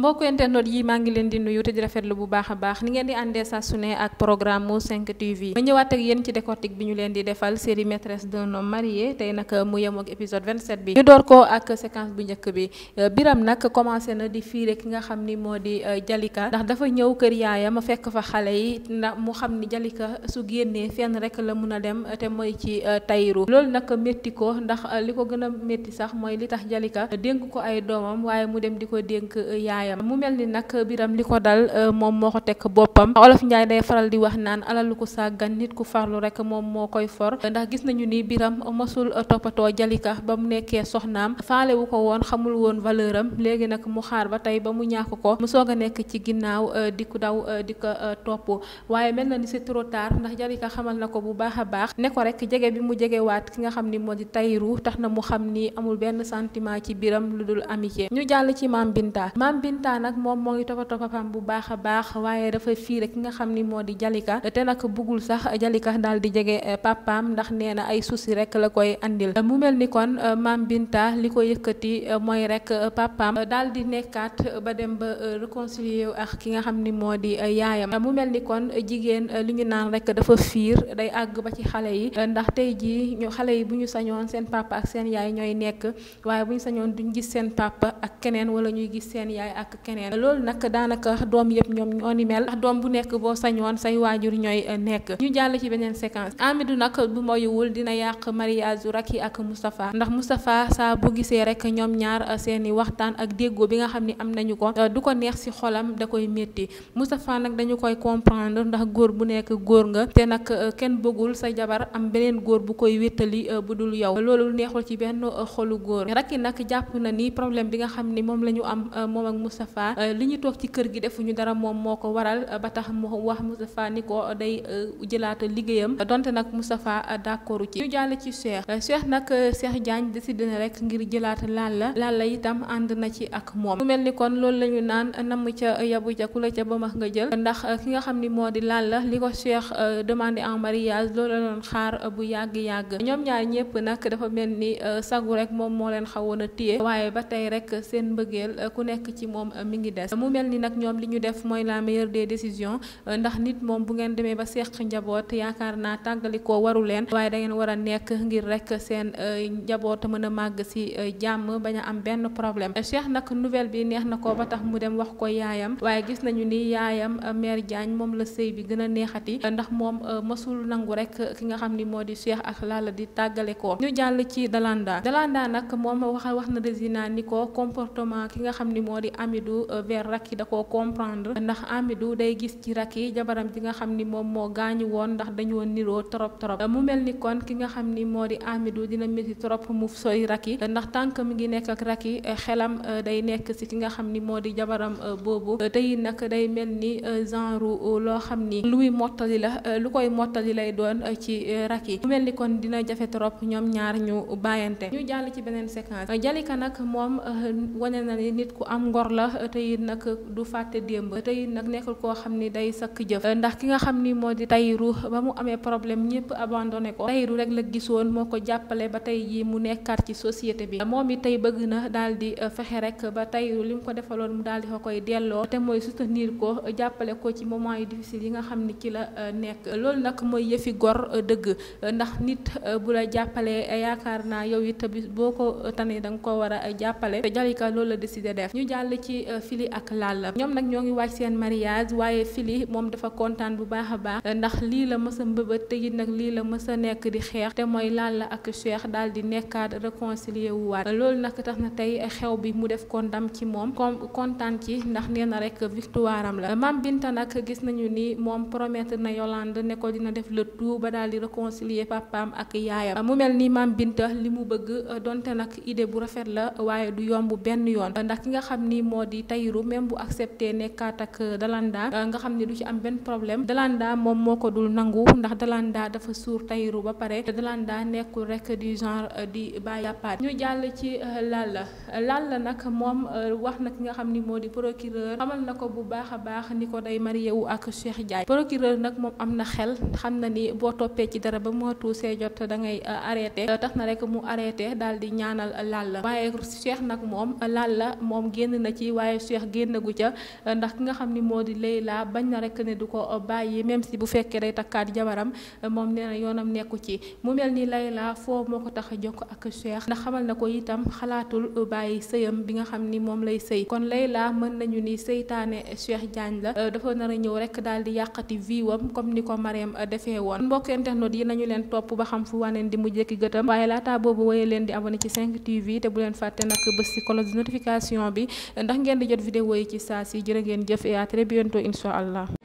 mbokk internet yi maa ngi leen di nuyu te di rafetlu bu baax a baax ni ngeen di àndee saa su ne ak programme mu 5 TV ma ñëwaat ak yéen ci décortique bi ñu leen di defal série maîtresse d'un homme marié tey nag mu yem ak épisode 27 bi ñu door ko ak séquence bu njëkk bi euh, biram nag commencé na di fiire ki nga xam ni moo di euh, Jalika ndax dafa ñëw kër yaayam fekk fa xale yi ndax mu xam ni Jalika su génnee fenn rek la mun a dem te mooy ci euh, Tayru loolu nag métti ko ndax li ko gën a métti sax mooy li tax Jalika dénk ko ay doomam waaye mu dem di ko dénk yaayam yaayam mu mel ni nag biram li ko dal euh, moom moo ko teg boppam olof Njaay day faral di wax naan alalu ku sàggan nit ku farlu rek moom moo koy for ndax gis nañu ni biram mosul euh, toppatoo jalika ba mu nekkee soxnaam faale wu ko woon xamul woon valeur am léegi nag mu xaar ba tey ba mu ñàkk ko mu soog a nekk ci ginnaaw euh, di ko daw di ko topp waaye mel na ni si trop tard ndax jalika xamal na ko bu baax a baax ne ko rek jege bi mu jegewaat ki nga xam ni moo di tayru tax na mu xam ni amul benn sentiment ci biram lu dul amitié ñu jàll ci maam maam Binta Anta nag moom moo ngi toppatoo bu baax a baax waaye dafa fiire ki nga xam ni moo di Jalika te nag bëggul sax Jalika daal di jege eh, papaam ndax nee na ay souci rek la koy andil mu mel ni kon eh, maam Binta li ko yëkkati eh, mooy rek papaam daal di nekkaat ba dem ba réconcilier wu ak ki nga xam ni moo di yaayam mu mel ni kon jigéen li ñu naan rek dafa fiir day àgg ba ci xale yi ndax tey jii ñu xale yi bu ñu sañoon seen papa ak seen yaay ñooy nekk waaye bu ñu sañoon duñ gis seen papa ak keneen wala ñuy gis seen yaay ak ak keneen loolu nag daanaka doom yëpp ñoom ñoo ni mel ndax doom bu nekk boo sañoon say waajur ñooy eh, nekk ñu jàll ci beneen séquence Amidou nag bu moyuwul dina yàq mariage u ak Moustapha ndax Moustapha saa bu gisee rek ñoom ñaar eh, seeni waxtaan ak déggoo bi nga xam ni am nañu ko eh, du ko neex ci xolam da koy métti Moustapha nag dañu koy comprendre ndax góor bu nekk góor nga te nag kenn bëggul sa jabar am beneen góor bu koy wéttali bu dul yow loolu neexul ci benn Moustapha euh, li ñu toog ci kër gi defuñu dara moom moo ko waral euh, ba tax mu wax Moustapha ni ko euh, day jëlaat liggéeyam donte nag Moustapha d'accordu ci ñu jàll ci Cheikh Cheikh nag Cheikh Diagne si na rek ngir jëlaat Lalla Lalla itam ànd na ci ak moom mu mel ni kon loolu la ñu naan namm ca yabu ca ku la ca ba max nga jël ndax ki nga xam ni moo di Lalla li ko Cheikh demandé en mariage loolu la doon xaar bu yàgg-yàgg ñoom ñaar ñëpp nag dafa mel ni sagu rek moom moo leen Euh, mi ngi dess mu melni nak ñom li ñu def moy la meilleure des décisions euh, ndax nit mom bu ngeen démé ba seq njaboot yaakaar naa tàggalikoo waru len waaye da ngeen wara nek ngir rek sen euh, njabot mën mag ci jamm baña am benn problème cheikh nak nouvelle bi neex na ko ba tax mu dem wax ko yaayam waye gis nañu ni yaayam mère Diagne mom le sey bi gëna neexati ndax mom masul nangu rek ki nga xamni modi cheikh ak lala di tàggale ko ñu jall ci dalanda dalanda nak mom waxal wax na résina ni ko comportement ki nga xamni modi am Amidou euh, vers Racky da koo comprendre ndax Amidou day gis ci Racky jabaram ji nga xam ni moom moo gaañu woon ndax dañoo niroo trop trop euh, mu mel ni kon ki nga xam ni moo di Amidou dina métti trop mu sooy Racky ndax tànk mi ngi nekk ak Racky euh, xelam day nekk si ki nga xam ni moo di jabaram boobu tey nak day mel ni genre loo xam ni luy mottali la lu koy mottali lay doon ci Racky mu mel ni kon dina jafe trop ñoom ñaar ñu bàyyante ñu jàll ci beneen séquence Jalika nag moom wane na ni nit ku am ngor la la tey nag du fàtte démb tey nag nekkul koo xam ni day sakk jëf ndax ki nga xam ni moo di Tahirou ba mu amee problème ñëpp abandonné ko Tahirou rek la gisoon moo ko jàppale ba tey jii mu nekkaat ci société bi moom it tey bëgg na daal di euh, fexe rek ba Tahirou li mu ko defaloon mu daal di ko koy delloo te mooy soutenir ko jàppale ko ci moment yu difficile yi nga xam ni ci la euh, nekk loolu nag mooy yëfi gor euh, dëgg ndax nit bu la jàppale yaakaar naa yow it boo ko tane da nga ko war a jàppale ci Fili euh, ak Lalla ñoom nag ñoo ngi waaj seen mariage waaye Fili moom dafa kontaan bu baax a baax ndax lii la mës a mbëbët te it nag lii la mës nekk di xeex te mooy Lalla ak Cheikh daal di nekkaat réconcilier wu waat loolu nag tax na tey xew bi mu def ko ndam ci moom kontaan ci ndax nee na rek victoire la Mame Binta nag gis nañu ni moom promettre na Yolande ne ko dina def le tout ba daal di réconcilier papaam ak yaayam mu mel nii Mame Binta li mu bëgg euh, donte nag idée bu rafet la waaye moo di Tahirou même bu accepté nekkaat ak euh, Dalanda euh, nga xam ne du ci am benn problème Dalanda moom moo ko dul nangu ndax Dalanda dafa suur Tahirou ba pare te nekkul rek di genre euh, di bàyyi yàppaat ñu jàll ci Lalla Lalla nag moom wax na ki nga xam ni moo di procureur xamal na ko bu baax a baax ni ko day marié wu ak Cheikh jaay procureur nag moom am na xel xam na ni boo toppee ci dara ba motu see jot dangay ngay arrêté tax na rek mu arrêté daal di ñaanal Lalla yi waaye Cheikh génnagu ca ndax ki nga xam ni moo di Leyla bañ na rekk ne du ko bàyyi même si bu fekkee day takkaat jabaram moom nee na yoonam nekku ci mu mel ni Leyla foo moo ko tax a jokk ak Cheikh ndax xamal na ko itam xalaatul bàyyi sëyam bi nga xam ni moom lay sëy kon Leyla mën nañu ni seytaane Cheikh Diagne la dafa nar a ñëw rek daal di yàqati viwam comme ni ko Marème defee woon mbokk internet yi nañu leen topp ba xam fu waneen di mujj ki gëtam waaye laata boobu woyee leen di abonné ci 5 TV te bu leen fàtte nag bës si ngeen di jot vidéo yi ci saa si jërë ngeen jëf et à très bientôt incha allah.